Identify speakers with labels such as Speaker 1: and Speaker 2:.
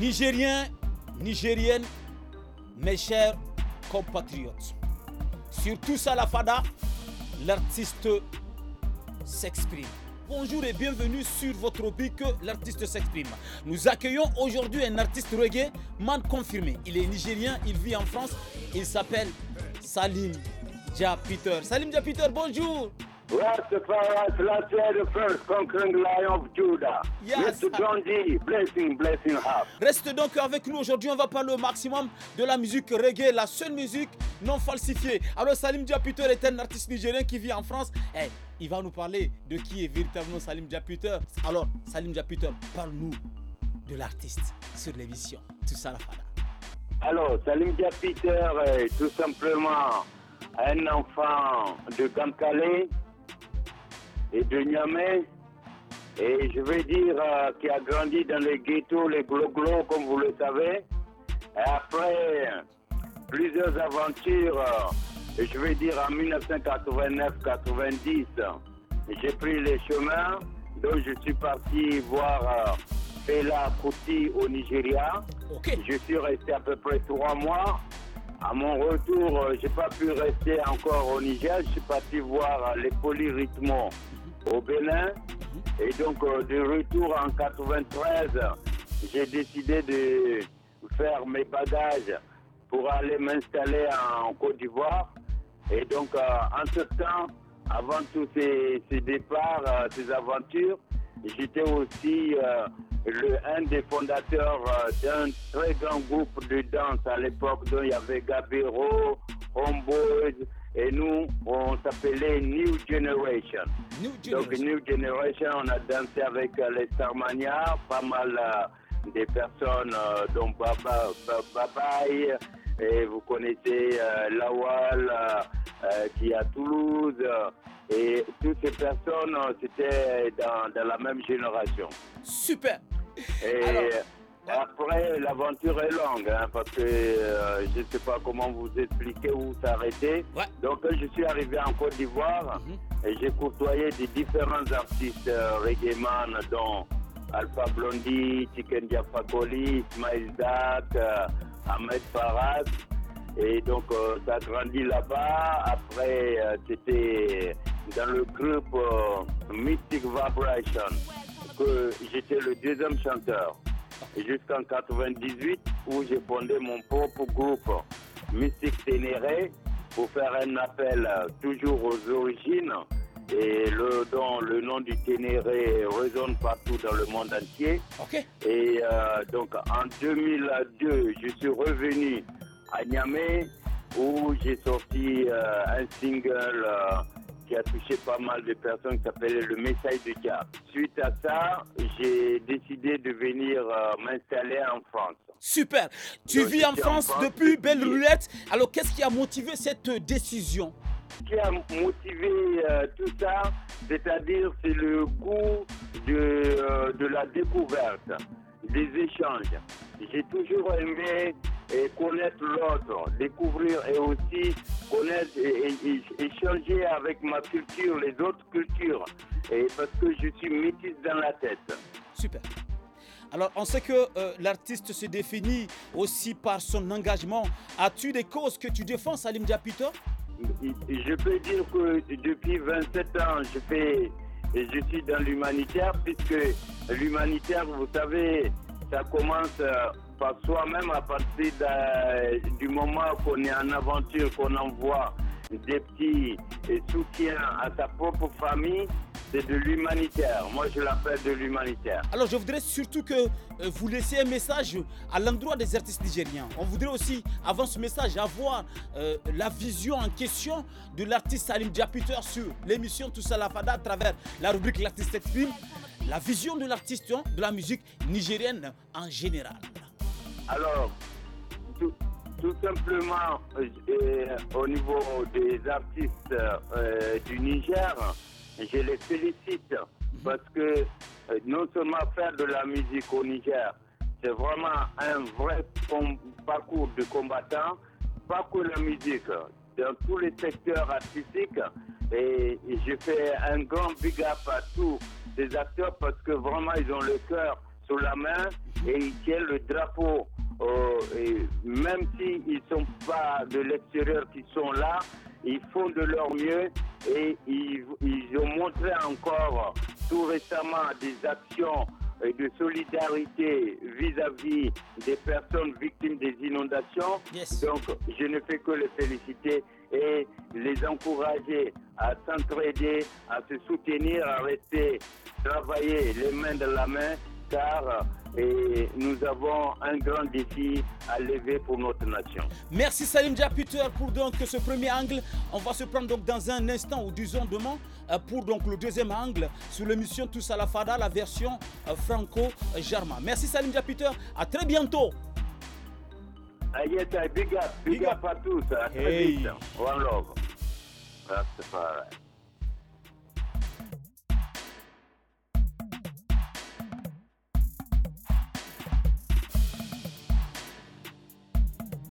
Speaker 1: Nigériens, Nigériennes, mes chers compatriotes, sur la Fada, l'artiste s'exprime. Bonjour et bienvenue sur votre que L'artiste s'exprime. Nous accueillons aujourd'hui un artiste reggae, man confirmé. Il est nigérien, il vit en France, il s'appelle Salim Dia Peter. Salim Dia Peter, bonjour first lion of Judah. Yes. blessing, Reste donc avec nous aujourd'hui, on va parler au maximum de la musique reggae, la seule musique non falsifiée. Alors Salim Diaputer est un artiste nigérien qui vit en France. Et eh, il va nous parler de qui est véritablement Salim Diaputer. Alors Salim Diaputer, parle-nous de l'artiste sur l'émission Tout ça la
Speaker 2: Alors Salim Diaputer est tout simplement un enfant de Calais et de Niamey. Et je vais dire euh, qui a grandi dans les ghettos, les glos-glos, comme vous le savez. Et après plusieurs aventures, euh, je vais dire en 1989-90, j'ai pris les chemins. Donc je suis parti voir euh, Fela Kuti au Nigeria. Je suis resté à peu près trois mois. À mon retour, je n'ai pas pu rester encore au Niger. Je suis parti voir les polyrythmos au Bénin. Et donc, euh, de retour en 93, j'ai décidé de faire mes bagages pour aller m'installer en Côte d'Ivoire. Et donc, euh, en ce temps, avant tous ces, départs, euh, ces aventures, j'étais aussi le, un des fondateurs d'un très grand groupe de danse à l'époque, dont il y avait Gabiro, Homeboys, et nous, on s'appelait New Generation. Donc New Generation, on a dansé avec euh, les Starmania, pas mal euh, des personnes euh, dont Baba, Babaï, et vous connaissez Lawal qui est à Toulouse. Et toutes ces personnes, c'était dans, la même génération. Super. Et après, l'aventure est longue, hein, parce que euh, je ne sais pas comment vous expliquer où s'arrêter. Donc, je suis arrivé en Côte d'Ivoire mhm. et j'ai courtoyé des différents artistes euh, reggae man, dont Alpha Blondie, Chicken Diafakoli, Ismail euh, Ahmed Farad. Et donc, ça a grandi là-bas. Après, c'était dans le groupe Mystic Vibration que j'étais le deuxième chanteur jusqu'en 98 où j'ai fondé mon propre groupe Mystique Ténéré pour faire un appel toujours aux origines et le dont le nom du Ténéré résonne partout dans le monde entier. Et euh, donc en 2002, je suis revenu à Niamey où j'ai sorti euh, un single. Euh, qui a touché pas mal de personnes qui s'appelait le message de Cap. Suite à ça, j'ai décidé de venir euh, m'installer
Speaker 1: en France. Super. Tu vis en France, de plus depuis Belle Roulette. Alors, qu'est-ce qui a motivé cette euh, décision Ce qui a motivé euh, tout ça, c'est-à-dire
Speaker 2: c'est le goût de, de la découverte, des échanges. J'ai toujours aimé connaître l'autre, découvrir et aussi connaître et, échanger avec ma culture, les autres cultures, et parce que je suis métisse dans la tête.
Speaker 1: Super. Alors, on sait que euh, l'artiste se définit aussi par son engagement. As-tu des causes que tu défends, Salim Diapito Je peux dire que depuis 27 ans, je, fais,
Speaker 2: je suis dans l'humanitaire, puisque l'humanitaire, vous savez, ça commence euh, par soi-même à partir du moment qu'on est en aventure, qu'on envoie des petits soutiens à sa propre famille. C'est de l'humanitaire. Moi, je l'appelle de l'humanitaire.
Speaker 1: Alors, je voudrais surtout que euh, vous laissiez un message à l'endroit des artistes nigériens. On voudrait aussi, avant ce message, avoir euh, la vision en question de l'artiste Salim Diapiter sur l'émission Tout à la Fada à travers la rubrique L'artiste film la vision de l'artiste hein, de la musique nigérienne en général
Speaker 2: Alors, tout, simplement, euh, euh, au niveau des artistes euh, du Niger, je les félicite mhm. parce que non seulement faire de la musique au Niger, c'est vraiment un vrai parcours de combattant, pas que la musique, dans tous les secteurs artistiques. Et, je fais un grand big up à tous ces acteurs parce que vraiment ils ont le cœur sous la main et ils tiennent le drapeau. Euh, même s'ils ne sont pas de l'extérieur qui sont là, ils font de leur mieux et ils ont montré encore tout récemment des actions et de solidarité vis-à-vis des personnes victimes des inondations. Donc, je ne fais que les féliciter et les encourager à s'entraider, à se soutenir, à rester, travailler les mains dans la main, car et nous avons un grand défi à lever pour notre nation.
Speaker 1: Merci Salim Diaputer pour donc ce premier angle. On va se prendre donc dans un instant ou disons demain euh, pour donc le deuxième angle sur l'émission Tous à la Fada, la version euh, franco-germain. Merci Salim Diaputer, à très bientôt. big up, big, up. à tous. À très vite.
Speaker 2: One love.